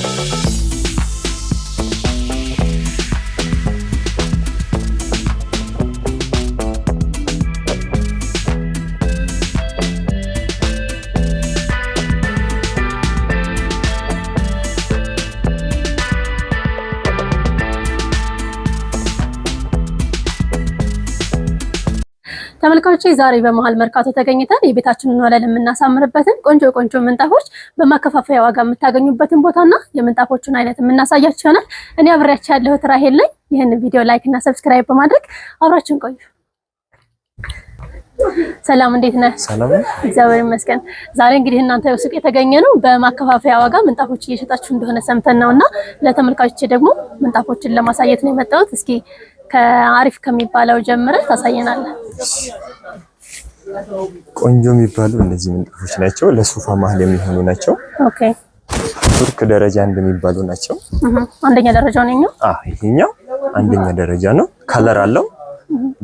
Thank you. ተመልካቾች ዛሬ በመሀል መርካቶ ተገኝተን የቤታችንን ወለል የምናሳምርበትን ቆንጆ ቆንጆ ምንጣፎች በማከፋፈያ ዋጋ የምታገኙበትን ቦታና የምንጣፎቹን አይነት የምናሳያችሁ ይሆናል። እኔ አብሬያችሁ ያለሁት ራሄል ላይ። ይህን ቪዲዮ ላይክ እና ሰብስክራይብ በማድረግ አብራችን ቆዩ። ሰላም እንዴት ነህ? ሰላም እግዚአብሔር ይመስገን። ዛሬ እንግዲህ እናንተ ሱቅ የተገኘ ነው በማከፋፈያ ዋጋ ምንጣፎች እየሸጣችሁ እንደሆነ ሰምተን ነውና ለተመልካቾች ደግሞ ምንጣፎችን ለማሳየት ነው የመጣሁት። እስኪ ከአሪፍ ከሚባለው ጀምረ ታሳየናለህ። ቆንጆ የሚባሉ እነዚህ ምንጣፎች ናቸው። ለሶፋ መሀል የሚሆኑ ናቸው። ኦኬ ቱርክ ደረጃ እንደሚባሉ የሚባሉ ናቸው። አንደኛ ደረጃ ነው ይሄኛው። ይሄኛው አንደኛ ደረጃ ነው። ከለር አለው።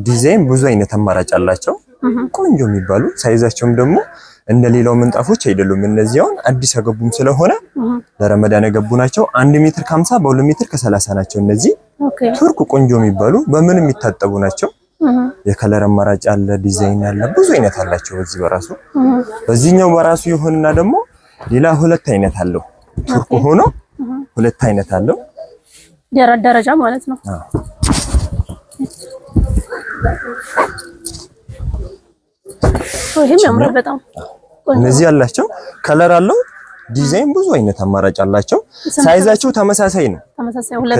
ዲዛይን ብዙ አይነት አማራጭ አላቸው። ቆንጆ የሚባሉ ሳይዛቸውም ደግሞ እንደ ሌላው ምንጣፎች አይደሉም። እነዚያውን አዲስ አገቡም ስለሆነ ለረመዳን የገቡ ናቸው። አንድ ሜትር ከሀምሳ በሁለት ሜትር ከሰላሳ ናቸው እነዚህ ቱርክ ቆንጆ የሚባሉ በምን የሚታጠቡ ናቸው። የከለር አማራጭ አለ፣ ዲዛይን አለ፣ ብዙ አይነት አላቸው። በዚህ በራሱ በዚህኛው በራሱ ይሁንና ደግሞ ሌላ ሁለት አይነት አለው። ቱርክ ሆኖ ሁለት አይነት አለው ደረጃ ማለት ነው። ይሄም ያምራል በጣም እነዚህ አላቸው። ከለር አለው ዲዛይን ብዙ አይነት አማራጭ አላቸው። ሳይዛቸው ተመሳሳይ ነው።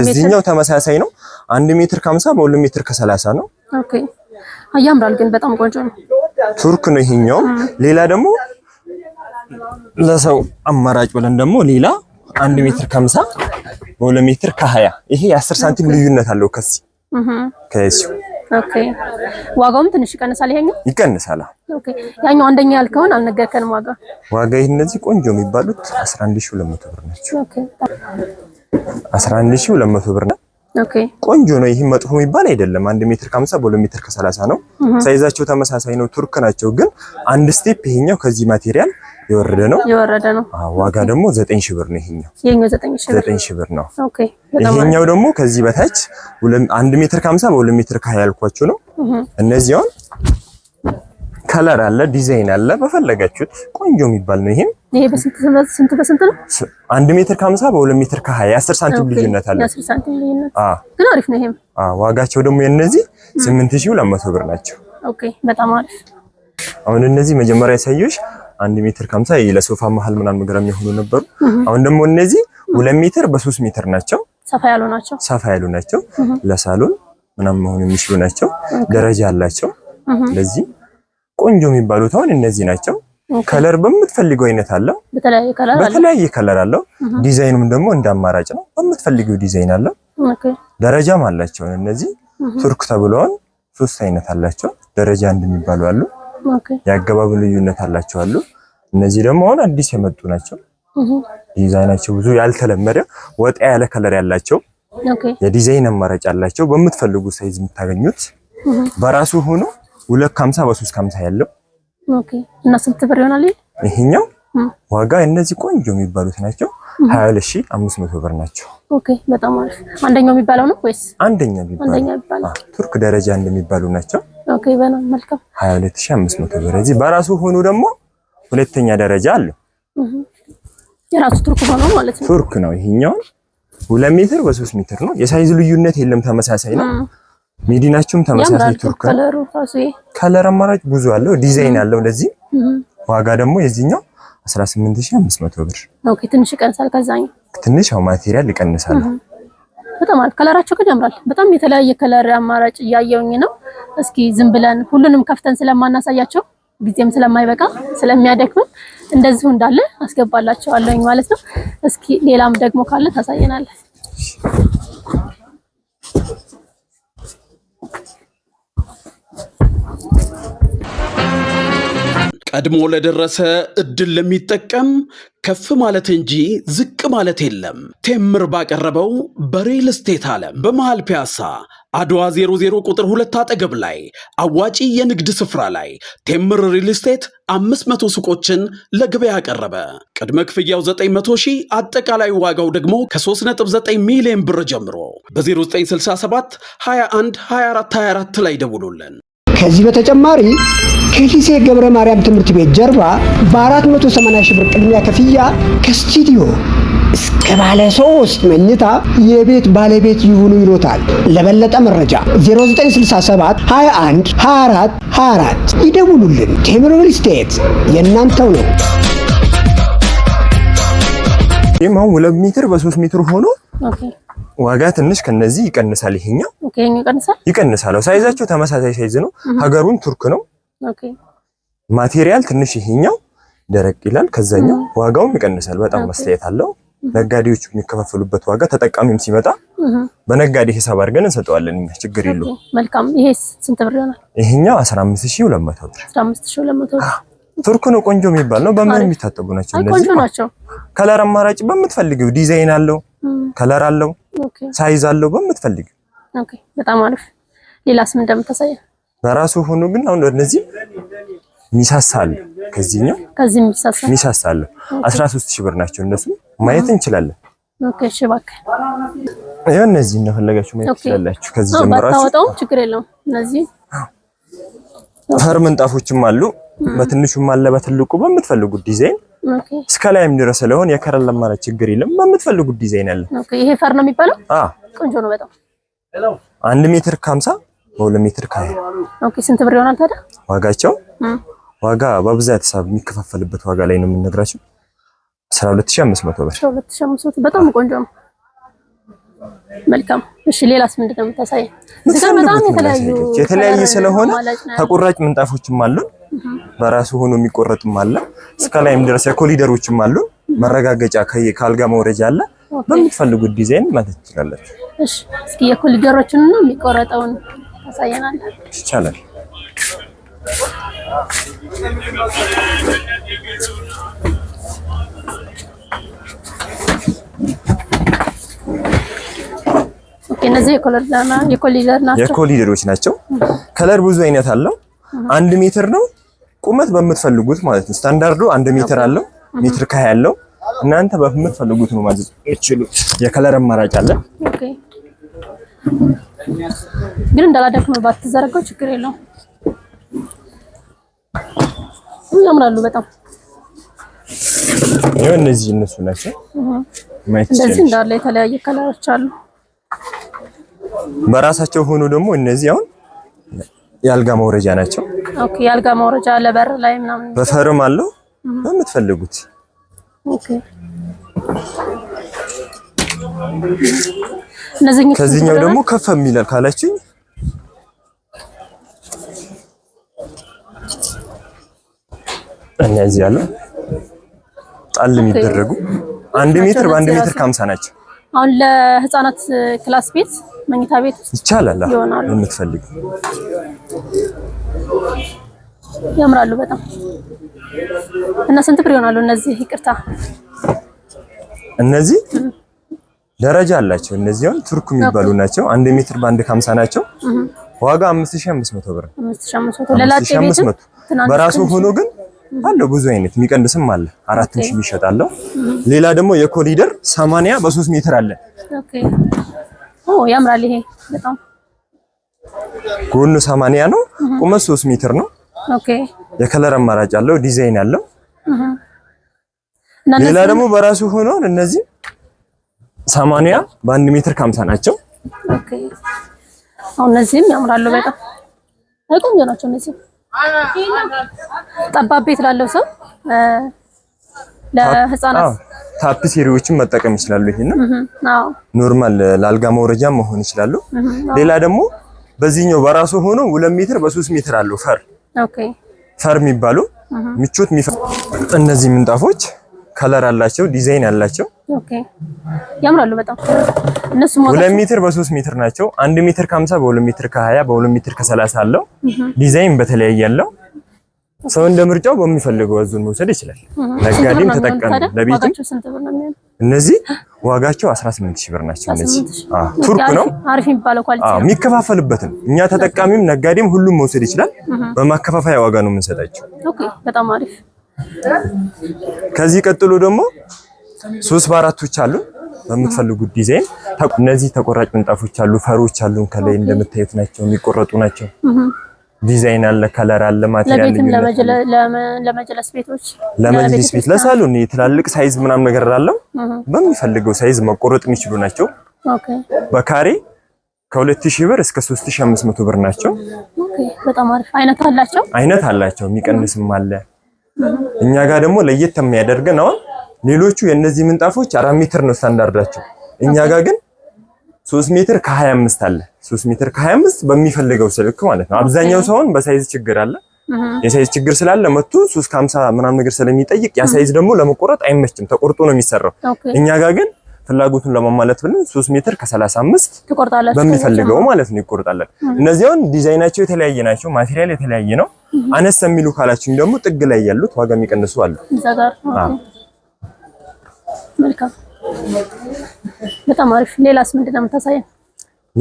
እዚህኛው ተመሳሳይ ነው። አንድ ሜትር ከሀምሳ በሁለት ሜትር ከሰላሳ ነው። ኦኬ ያምራል፣ ግን በጣም ቆንጆ ነው። ቱርክ ነው ይሄኛው። ሌላ ደግሞ ለሰው አማራጭ ብለን ደግሞ ሌላ አንድ ሜትር ከሀምሳ በሁለት ሜትር ከሀያ ይሄ የአስር ሳንቲም ልዩነት አለው ከዚህ ከዚህ ኦኬ። ዋጋውም ትንሽ ይቀንሳል። ይሄኛው ይቀንሳል። ኦኬ። ያኛው አንደኛ ያልከውን አልነገርከንም ዋጋ ዋጋ ይሄ እነዚህ ቆንጆ የሚባሉት 11200 ብር ናቸው። ኦኬ። 11200 ብር ነው። ኦኬ። ቆንጆ ነው። ይሄ መጥፎ የሚባል አይደለም። አንድ ሜትር ከ በሁለት ሜትር 30 ነው። ሳይዛቸው ተመሳሳይ ነው። ቱርክ ናቸው። ግን አንድ ስቴፕ ይሄኛው ከዚህ ማቴሪያል የወረደ ነው የወረደ ነው። ዋጋ ደግሞ ዘጠኝ ሺህ ብር ነው። ይሄኛው ይሄኛው ዘጠኝ ሺህ ብር ነው። ኦኬ። ይሄኛው ደግሞ ከዚህ በታች አንድ ሜትር ከሀምሳ በሁለት ሜትር ከሀያ ያልኳችሁ ነው። እነዚያውን ከለር አለ ዲዛይን አለ በፈለጋችሁት ቆንጆ የሚባል ነው። ይሄም ይሄ በስንት ስንት በስንት ነው? አንድ ሜትር ከሀምሳ በሁለት ሜትር ከሀያ አስር ሳንቲም ልዩነት አለ። አስር ሳንቲም ልዩነት ግን አሪፍ ነው። ይሄም ዋጋቸው ደግሞ የነዚህ ስምንት ሺህ ሁለት መቶ ብር ናቸው። ኦኬ። በጣም አሪፍ። አሁን እነዚህ መጀመሪያ ያሳየሁሽ አንድ ሜትር ከምሳ ለሶፋ መሀል ምናምን ምግር የሆኑ ነበሩ። አሁን ደግሞ እነዚህ ሁለት ሜትር በሶስት ሜትር ናቸው። ሰፋ ያሉ ናቸው። ሰፋ ያሉ ናቸው። ለሳሎን ምናምን መሆኑ የሚችሉ ናቸው። ደረጃ አላቸው። ለዚህ ቆንጆ የሚባሉት አሁን እነዚህ ናቸው። ከለር በምትፈልገው አይነት አለው። በተለያየ ከለር አለው። ዲዛይኑም ደግሞ እንደ አማራጭ ነው። በምትፈልገው ዲዛይን አለው። ደረጃም አላቸው። እነዚህ ቱርክ ተብለውን ሶስት አይነት አላቸው። ደረጃ እንደሚባሉ አሉ። የአገባብ ልዩነት አላቸው አሉ። እነዚህ ደግሞ አሁን አዲስ የመጡ ናቸው። ዲዛይናቸው ብዙ ያልተለመደ ወጣ ያለ ከለር ያላቸው የዲዛይን አማራጭ አላቸው። በምትፈልጉ ሳይዝ የምታገኙት በራሱ ሆኖ ሁለት ከሀምሳ በሶስት ከሀምሳ ያለው እና ስንት ብር ይሆናል ይሄኛው? ዋጋ እነዚህ ቆንጆ የሚባሉት ናቸው ሀያ ሁለት ሺህ አምስት መቶ ብር ናቸው። ኦኬ በጣም አሪፍ። አንደኛው የሚባለው ነው ወይስ አንደኛ የሚባለው ቱርክ ደረጃ እንደሚባሉ ናቸው። መልካም ይበና መልካም 22500 ብር። እዚህ በራሱ ሆኖ ደግሞ ሁለተኛ ደረጃ አለው። የራሱ ቱርክ ሆኖ ማለት ነው። ቱርክ ነው ይሄኛው። ሁለት ሜትር በሶስት ሜትር ነው። የሳይዝ ልዩነት የለም፣ ተመሳሳይ ነው። ሚዲናችሁም ተመሳሳይ ቱርክ ነው። ከለር አማራጭ ብዙ አለው፣ ዲዛይን አለው። ለዚህ ዋጋ ደግሞ የዚህኛው 18500 ብር። ኦኬ ትንሽ ይቀንሳል ከዛኝ ትንሽ ያው ማቴሪያል ይቀንሳል። በጣም አሪፍ ከለራቸው ግን ያምራል። በጣም የተለያየ ከለር አማራጭ እያየውኝ ነው። እስኪ ዝም ብለን ሁሉንም ከፍተን ስለማናሳያቸው ጊዜም ስለማይበቃ ስለሚያደክምም እንደዚሁ እንዳለ አስገባላቸዋለሁኝ ማለት ነው። እስኪ ሌላም ደግሞ ካለ ታሳየናል። ቀድሞ ለደረሰ እድል ለሚጠቀም ከፍ ማለት እንጂ ዝቅ ማለት የለም። ቴምር ባቀረበው በሪል ስቴት ዓለም በመሃል ፒያሳ አድዋ 00 ቁጥር ሁለት አጠገብ ላይ አዋጪ የንግድ ስፍራ ላይ ቴምር ሪል ስቴት 500 ሱቆችን ለገበያ ቀረበ። ቅድመ ክፍያው 900 ሺህ፣ አጠቃላይ ዋጋው ደግሞ ከ3.9 ሚሊዮን ብር ጀምሮ በ0967 21 24 24 ላይ ደውሉልን። ከዚህ በተጨማሪ ከኪሴ ገብረ ማርያም ትምህርት ቤት ጀርባ በ480 ሺህ ብር ቅድሚያ ክፍያ ከስቱዲዮ እስከ ባለ ሶስት መኝታ የቤት ባለቤት ይሁኑ ይሎታል። ለበለጠ መረጃ 0967 21 24 24 ይደውሉልን። ቴምር ሪል ስቴት የእናንተው ነው። ይህም አሁን ሁለት ሜትር በሶስት ሜትር ሆኖ ዋጋ ትንሽ ከነዚህ ይቀንሳል። ይሄኛው ይቀንሳል ይቀንሳል። ሳይዛቸው ተመሳሳይ ሳይዝ ነው። ሀገሩን ቱርክ ነው ማቴሪያል ትንሽ ይሄኛው ደረቅ ይላል፣ ከዛኛው ዋጋውም ይቀንሳል። በጣም መስተያየት አለው። ነጋዴዎቹ የሚከፋፈሉበት ዋጋ ተጠቃሚም ሲመጣ በነጋዴ ሂሳብ አድርገን እንሰጠዋለን። እኛ ችግር የለው። መልካም። ይሄስ ስንት ብር ይሆናል? ይሄኛው 15200 ብር። 15200 ብር ቱርክ ነው። ቆንጆ የሚባል ነው። በምን የሚታጠቡ ናቸው እነዚህ። ከለር አማራጭ በምትፈልጊው ዲዛይን አለው፣ ከለር አለው፣ ሳይዝ አለው፣ በምትፈልጊው። ኦኬ፣ በጣም አሪፍ። ሌላስ ምን እንደምታሳየው በራሱ ሆኖ ግን አሁን እነዚህ ሚሳሳል ከዚህኛው ከዚህ ሚሳሳል ሚሳሳል 13 ሺህ ብር ናቸው እነሱ ማየት እንችላለን። ኦኬ እሺ እባክህ ይኸው እነዚህ እንደፈለጋችሁ ማየት ትችላላችሁ። ከዚህ ጀምራችሁ አታወጣውም፣ ችግር የለውም። እነዚህ ፈር ምንጣፎችም አሉ፣ በትንሹም አለ በትልቁ በምትፈልጉት ዲዛይን እስከ ላይም ድረስ ስለሆን የከረን ለማለት ችግር የለም። በምትፈልጉት ዲዛይን አለ። ይሄ ፈር ነው የሚባለው። አዎ ቆንጆ ነው በጣም አንድ ሜትር ከሀምሳ በሁለት ሜትር ከሀያ ኦኬ። ስንት ብር ይሆናል ታዲያ ዋጋቸው? ዋጋ በብዛት ሳብ የሚከፋፈልበት ዋጋ ላይ ነው የምንነግራቸው። 12500 ብር 12500 በጣም ቆንጆ ነው። መልካም እሺ፣ ሌላስ ምንድን ነው የምታሳየው? በጣም የተለያዩ የተለያየ ስለሆነ ተቆራጭ ምንጣፎችም አሉን። በራሱ ሆኖ የሚቆረጥም አለ። እስከ ላይም ድረስ የኮሊደሮችም አሉን። መረጋገጫ ከአልጋ መውረጃ አለ። በምትፈልጉት ዲዛይን ማለት ትችላላችሁ። እሺ፣ እስኪ የኮሊደሮቹንና የሚቆረጠውን ታሳየናል ይቻላል። እነዚህ ናቸው የኮሊደሮች ናቸው። ከለር ብዙ አይነት አለው። አንድ ሜትር ነው ቁመት በምትፈልጉት ማለት ነው። ስታንዳርዱ አንድ ሜትር አለው ሜትር ከሀያ ያለው እናንተ በምትፈልጉት ነው ማለት የከለር አማራጭ አለ። ግን ባት ባትዘረጋው ችግር የለውም። ያምራሉ በጣም ይሄ እነዚህ እነሱ ናቸው። እንደዚህ እንዳለ የተለያየ ከለሮች አሉ። በራሳቸው ሆኖ ደግሞ እነዚህ አሁን የአልጋ ማውረጃ ናቸው። ኦኬ የአልጋ ማውረጃ በር ላይ ምናምን በፈርም አለው በምትፈልጉት ኦኬ ከዚህኛው ደግሞ ከፍ የሚላል ካላችሁኝ እነዚህ ያለው ጣል የሚደረጉ አንድ ሜትር በአንድ ሜትር ከሀምሳ ናቸው። አሁን ለህፃናት ክላስ ቤት መኝታ ቤት ይቻላል የምትፈልግ ያምራሉ በጣም እና ስንት ብር ይሆናሉ እነዚህ? ይቅርታ እነዚህ ደረጃ አላቸው። እነዚህ ቱርክ የሚባሉ ናቸው። አንድ ሜትር በአንድ ከሀምሳ ናቸው። ዋጋ 5500 ብር። 5500 በራሱ ሆኖ ግን አለው ብዙ አይነት የሚቀንስም አለ። 4000 ይሸጣለው። ሌላ ደግሞ የኮሊደር 80 በ3 ሜትር አለ። ኦኬ ኦ ያምራል። ይሄ በጣም ጎኑ 80 ነው። ቁመት 3 ሜትር ነው። ኦኬ የከለር አማራጭ አለው። ዲዛይን አለው። ሌላ ደግሞ በራሱ ሆኖ እነዚህ ሰማንያ በአንድ ሜትር ከሀምሳ ናቸው። አሁን እነዚህም ያምራሉ። በጣም ቆንጆ ናቸው። እነዚህ ጠባብ ቤት ላለው ሰው ለህፃናት ታፒሴሪዎችን መጠቀም ይችላሉ። ይሄንን ኖርማል ለአልጋ መውረጃ መሆን ይችላሉ። ሌላ ደግሞ በዚህኛው በራሱ ሆኖ ሁለት ሜትር በሶስት ሜትር አለው ፈር ፈር የሚባሉ ምቾት የሚፈ እነዚህ ምንጣፎች ከለር አላቸው፣ ዲዛይን አላቸው። ኦኬ ያምራሉ በጣም እነሱ። ሁለት ሜትር በሶስት ሜትር ናቸው። አንድ ሜትር ከ50 በሁለት ሜትር ከ20 በሁለት ሜትር ከ30 አለው። ዲዛይን በተለያየ አለው። ሰው እንደ ምርጫው በሚፈልገው አዙን መውሰድ ይችላል። ነጋዴም ተጠቀም ለቤት እነዚህ ዋጋቸው 18000 ብር ናቸው። እነዚህ ቱርክ ነው አሪፍ የሚባለው ኳሊቲ ነው። የሚከፋፈልበትም እኛ ተጠቃሚም ነጋዴም ሁሉም መውሰድ ይችላል። በማከፋፈያ ዋጋ ነው የምንሰጣቸው። ኦኬ በጣም አሪፍ ከዚህ ቀጥሎ ደግሞ ሶስት በአራቶች አሉ። በምትፈልጉት ዲዛይን እነዚህ ተቆራጭ ምንጣፎች አሉ፣ ፈሮች አሉ። ከላይ እንደምታዩት ናቸው፣ የሚቆረጡ ናቸው። ዲዛይን አለ፣ ከለር አለ፣ ማቴሪያል ለመጀለስ ቤቶች፣ ለመጅሊስ ቤት፣ ለሳሎን የትላልቅ ሳይዝ ምናምን ነገር አለው። በሚፈልገው ሳይዝ መቆረጥ የሚችሉ ናቸው። በካሬ ከ2000 ብር እስከ 3500 ብር ናቸው። በጣም አሪፍ አይነት አላቸው አይነት አላቸው። የሚቀንስም አለ እኛ ጋር ደግሞ ለየት የሚያደርገን አሁን ሌሎቹ የእነዚህ ምንጣፎች አራት ሜትር ነው ስታንዳርዳቸው። እኛ ጋር ግን ሶስት ሜትር ከ25 አለ። ሶስት ሜትር ከ25 በሚፈልገው ስልክ ማለት ነው። አብዛኛው ሰውን በሳይዝ ችግር አለ። የሳይዝ ችግር ስላለ መቶ ሶስት ከሀምሳ ምናምን ነገር ስለሚጠይቅ ያ ሳይዝ ደግሞ ለመቆረጥ አይመችም፣ ተቆርጦ ነው የሚሰራው። እኛ ጋር ግን ፍላጎቱን ለማሟላት ብለን ሶስት ሜትር ከ35 በሚፈልገው ማለት ነው ይቆርጣለን። እነዚያውን ዲዛይናቸው የተለያየ ናቸው፣ ማቴሪያል የተለያየ ነው። አነስ የሚሉ ካላችሁኝ ደግሞ ጥግ ላይ ያሉት ዋጋ የሚቀንሱ አሉ። በጣም አሪፍ። ሌላስ የምታሳየን?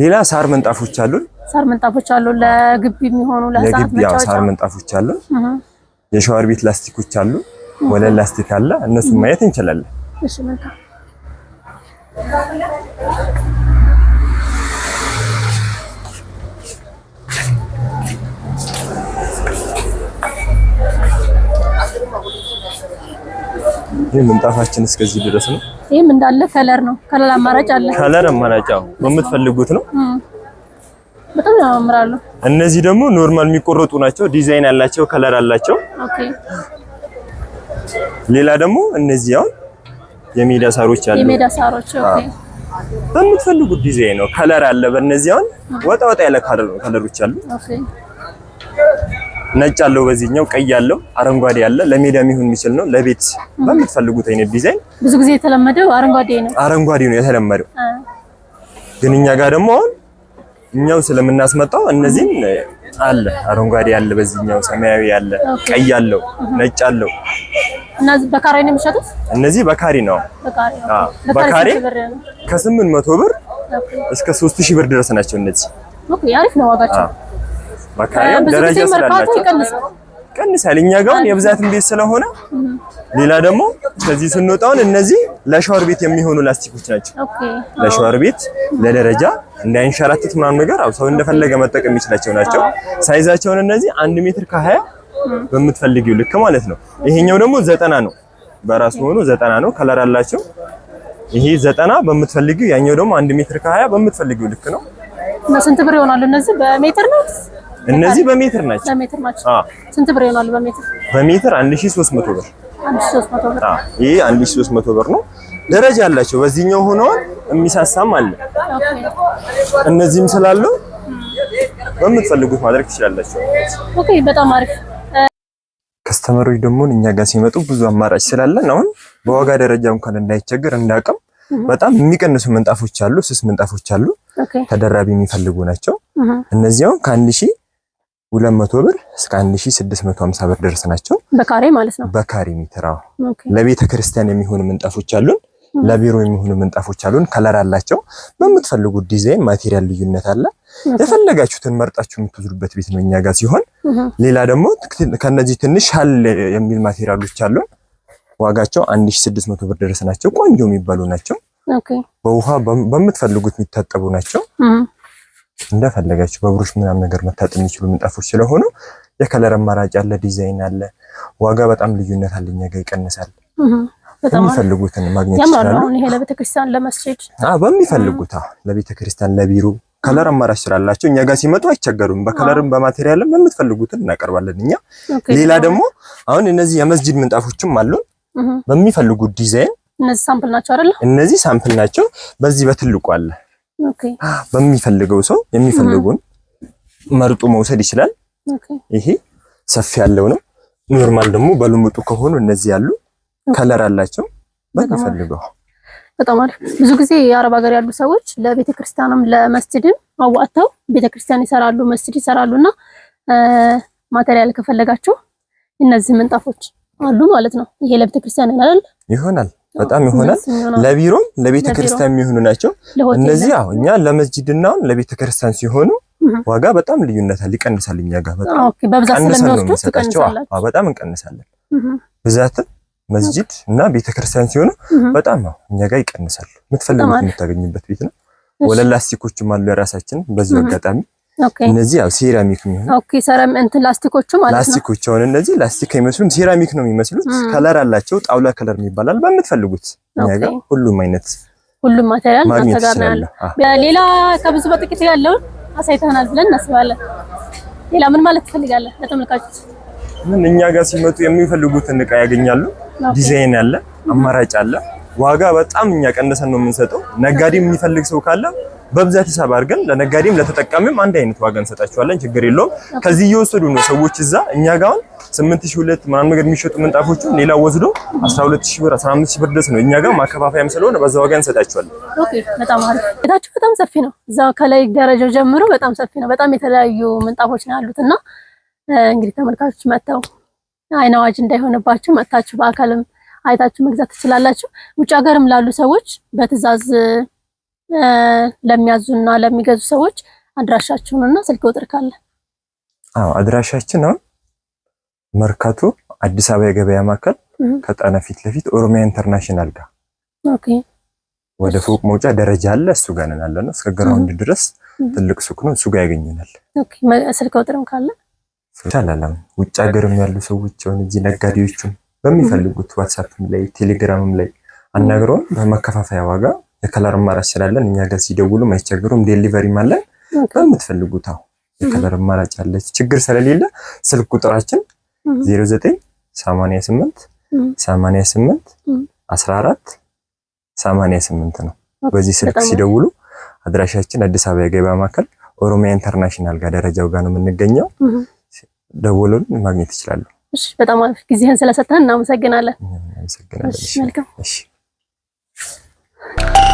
ሌላ ሳር ምንጣፎች አሉን። ሳር ምንጣፎች አሉ ለግቢ የሚሆኑ ለህፃናት መጫወቻ ሳር ምንጣፎች አሉ። የሻወር ቤት ላስቲኮች አሉ። ወለል ላስቲክ አለ። እነሱን ማየት እንችላለን። እሺ መልካም ይሄ ምንጣፋችን እስከዚህ ድረስ ነው። ይሄም እንዳለ ከለር ነው። ከለር አማራጭ አለ። ከለር አማራጭ በምትፈልጉት ነው። በጣም ያምራሉ። እነዚህ ደግሞ ኖርማል የሚቆረጡ ናቸው። ዲዛይን አላቸው ከለር አላቸው። ኦኬ። ሌላ ደግሞ እነዚህ አሁን የሜዳ ሳሮች አሉ። የሜዳ ሳሮች ኦኬ። በምትፈልጉት ዲዛይን ነው። ከለር አለ። በእነዚህ አሁን ወጣ ወጣ ያለ ከለሮች አሉ። ኦኬ ነጭ አለው፣ በዚህኛው ቀይ አለው፣ አረንጓዴ አለ። ለሜዳ የሚሆን የሚችል ነው። ለቤት በምትፈልጉት አይነት ዲዛይን ብዙ ጊዜ የተለመደው አረንጓዴ ነው። አረንጓዴ ነው የተለመደው። ግን እኛ ጋር ደግሞ አሁን እኛው ስለምናስመጣው እነዚህ አለ አረንጓዴ አለ፣ በዚህኛው ሰማያዊ አለ፣ ቀይ አለው፣ ነጭ አለው። እነዚህ በካሬ ነው የሚሸጡት። እነዚህ በካሪ ነው። በካሬ ከስምንት መቶ ብር እስከ ሶስት ሺህ ብር ድረስ ናቸው እነዚህ። ኦኬ አሪፍ ነው ዋጋቸው። በአካባቢው ደረጃ ስላላቸው ቀንሳል። እኛ ጋር የብዛትን ቤት ስለሆነ ሌላ ደግሞ ከዚህ ስንወጣውን እነዚህ ለሻወር ቤት የሚሆኑ ላስቲኮች ናቸው። ለሻወር ቤት ለደረጃ እንዳይንሸራትት ምናምን ነገር ሰው እንደፈለገ መጠቀም የሚችላቸው ናቸው። ሳይዛቸውን እነዚህ አንድ ሜትር ከሀያ በምትፈልጊው ልክ ማለት ነው። ይሄኛው ደግሞ ዘጠና ነው በራሱ ሆኖ ዘጠና ነው። ከለር አላቸው። ይሄ ዘጠና በምትፈልጊው፣ ያኛው ደግሞ አንድ ሜትር ከሀያ በምትፈልጊው ልክ ነው። ስንት ብር ይሆናል እነዚህ በሜትር ነው? እነዚህ በሜትር ናቸው። በሜትር ናቸው። ስንት ብር ይሆናል በሜትር? በሜትር 1300 ብር። 1300 ብር። አዎ ይሄ 1300 ብር ነው። ደረጃ አላቸው። በዚህኛው ሆነዋል። የሚሳሳም አለ። እነዚህም ስላሉ በምትፈልጉት ማድረግ ትችላላችሁ። ኦኬ፣ በጣም አሪፍ። ከስተመሮች ደግሞ እኛ ጋር ሲመጡ ብዙ አማራጭ ስላለን አሁን በዋጋ ደረጃ እንኳን እንዳይቸገር እንዳቅም በጣም የሚቀንሱ ምንጣፎች አሉ፣ ስስ ምንጣፎች አሉ። ተደራቢ የሚፈልጉ ናቸው። እነዚያውን ከአንድ ሺህ 200 መቶ ብር እስከ 1650 ብር ድረስ ናቸው። በካሬ ማለት ነው። በካሬ ሜትር ለቤተ ክርስቲያን የሚሆኑ ምንጣፎች አሉን። ለቢሮ የሚሆኑ ምንጣፎች አሉን። ከለር አላቸው። በምትፈልጉት ዲዛይን ማቴሪያል ልዩነት አለ። የፈለጋችሁትን መርጣችሁ የምትዙሩበት ቤት ነው እኛ ጋር ሲሆን፣ ሌላ ደግሞ ከነዚህ ትንሽ ሀል የሚል ማቴሪያሎች አሉን። ዋጋቸው 1600 ብር ድረስ ናቸው። ቆንጆ የሚባሉ ናቸው። በውሃ በምትፈልጉት የሚታጠቡ ናቸው። እንደፈለጋችሁ በብሩሽ ምናምን ነገር መታጥ የሚችሉ ምንጣፎች ስለሆኑ የከለር አማራጭ አለ፣ ዲዛይን አለ። ዋጋ በጣም ልዩነት አለ፣ እኛ ጋር ይቀንሳል። የሚፈልጉትን ማግኘት ይችላሉ። አሁን ይሄ ለቤተክርስቲያን ለመስጂድ፣ አዎ በሚፈልጉት ለቤተክርስቲያን፣ ለቢሮ ከለር አማራጭ ስላላቸው እኛ ጋር ሲመጡ አይቸገሩም። በከለርም በማቴሪያልም የምትፈልጉትን እናቀርባለን እኛ። ሌላ ደግሞ አሁን እነዚህ የመስጂድ ምንጣፎችም አሉን በሚፈልጉት ዲዛይን። እነዚህ ሳምፕል ናቸው አይደል? እነዚህ ሳምፕል ናቸው። በዚህ በትልቁ አለ በሚፈልገው ሰው የሚፈልገውን መርጦ መውሰድ ይችላል። ይሄ ሰፊ ያለው ነው። ኖርማል ደግሞ በልሙጡ ከሆኑ እነዚህ ያሉ ከለር አላቸው። በሚፈልገው በጣም አሪፍ። ብዙ ጊዜ የአረብ ሀገር ያሉ ሰዎች ለቤተክርስቲያንም ለመስጅድም አዋጥተው ቤተክርስቲያን ይሰራሉ፣ መስጅድ ይሰራሉና ማቴሪያል ከፈለጋቸው እነዚህ ምንጣፎች አሉ ማለት ነው። ይሄ ለቤተክርስቲያን ይሆናል ይሆናል በጣም ይሆናል። ለቢሮም ለቤተ ክርስቲያን የሚሆኑ ናቸው እነዚህ። አዎ እኛ ለመስጂድና ለቤተ ክርስቲያን ሲሆኑ ዋጋ በጣም ልዩነታል፣ ይቀንሳል። እኛ ጋር በጣም ቀንሰን አዎ በጣም እንቀንሳለን። ብዛትም መስጂድ እና ቤተ ክርስቲያን ሲሆኑ በጣም ነው እኛ ጋር ይቀንሳል። የምትፈልጉት የምታገኙበት ቤት ነው። ወለል አሉ የራሳችን በዚህ አጋጣሚ እነዚህ ያው ሴራሚክ የሚሆኑ ኦኬ፣ ሰረም እንትን ላስቲኮቹ ማለት ነው። ላስቲኮቹ አሁን እነዚህ ላስቲክ አይመስሉም፣ ሴራሚክ ነው የሚመስሉት። ከለር አላቸው። ጣውላ ከለር ይባላል። በምትፈልጉት ነገር ሁሉም አይነት ሁሉም ማቴሪያል ሌላ ከብዙ በጥቂት ያለውን አሳይተናል ብለን እናስባለን። ሌላ ምን ማለት ትፈልጋለህ ለተመልካቾች? ምን እኛ ጋር ሲመጡ የሚፈልጉትን እቃ ያገኛሉ። ዲዛይን አለ፣ አማራጭ አለ። ዋጋ በጣም እኛ ቀንሰን ነው የምንሰጠው። ነጋዴ የሚፈልግ ሰው ካለ በብዛት ሂሳብ አድርገን ለነጋዴም ለተጠቃሚም አንድ አይነት ዋጋ እንሰጣቸዋለን። ችግር የለውም። ከዚህ እየወሰዱ ነው ሰዎች እዛ እኛ ጋር 8200 ምናምን ነገር የሚሸጡ ምንጣፎቹ ሌላ ወስዶ 12000 ብር 15000 ብር ድረስ ነው እኛ ጋር ማከፋፈያም ስለሆነ በዛ ዋጋ እንሰጣቸዋለን። ኦኬ፣ በጣም አሪፍ። ቤታችሁ በጣም ሰፊ ነው። እዛ ከላይ ደረጃው ጀምሮ በጣም ሰፊ ነው። በጣም የተለያዩ ምንጣፎች ነው ያሉትና እንግዲህ ተመልካቾች መጥተው አይን አዋጅ እንዳይሆንባችሁ መጥታችሁ በአካልም አይታችሁ መግዛት ትችላላችሁ። ውጭ ሀገርም ላሉ ሰዎች በትዕዛዝ ለሚያዙና ለሚገዙ ሰዎች አድራሻችሁንና ስልክ ቁጥር ካለ? አዎ አድራሻችን አሁን መርካቶ አዲስ አበባ የገበያ ማዕከል ከጣና ፊት ለፊት ኦሮሚያ ኢንተርናሽናል ጋር ኦኬ፣ ወደ ፎቅ መውጫ ደረጃ አለ። እሱ ጋር ነን ያለነው እስከ ግራውንድ ድረስ ትልቅ ሱቅ ነው። እሱ ጋር ያገኙናል። ኦኬ፣ ስልክ ቁጥርም ካለ ይቻላል። ውጭ ሀገርም ያሉ ሰዎች ሆነ እዚህ ነጋዴዎቹም በሚፈልጉት ዋትሳፕም ላይ ቴሌግራምም ላይ አናግረውን በመከፋፈያ ዋጋ የከለር አማራጭ ስላለን እኛ ጋር ሲደውሉም አይቸግሩም። ዴሊቨሪም አለን በምትፈልጉት አሁን የከለር አማራጭ አለች። ችግር ስለሌለ ስልክ ቁጥራችን 09 88 14 88 ነው። በዚህ ስልክ ሲደውሉ አድራሻችን አዲስ አበባ የገበያ ማዕከል ኦሮሚያ ኢንተርናሽናል ጋር ደረጃው ጋር ነው የምንገኘው። ደውሉን ማግኘት ይችላሉ። እሺ፣ በጣም አሪፍ ጊዜህን ስለሰጠህን እናመሰግናለን። እናመሰግናለን። መልካም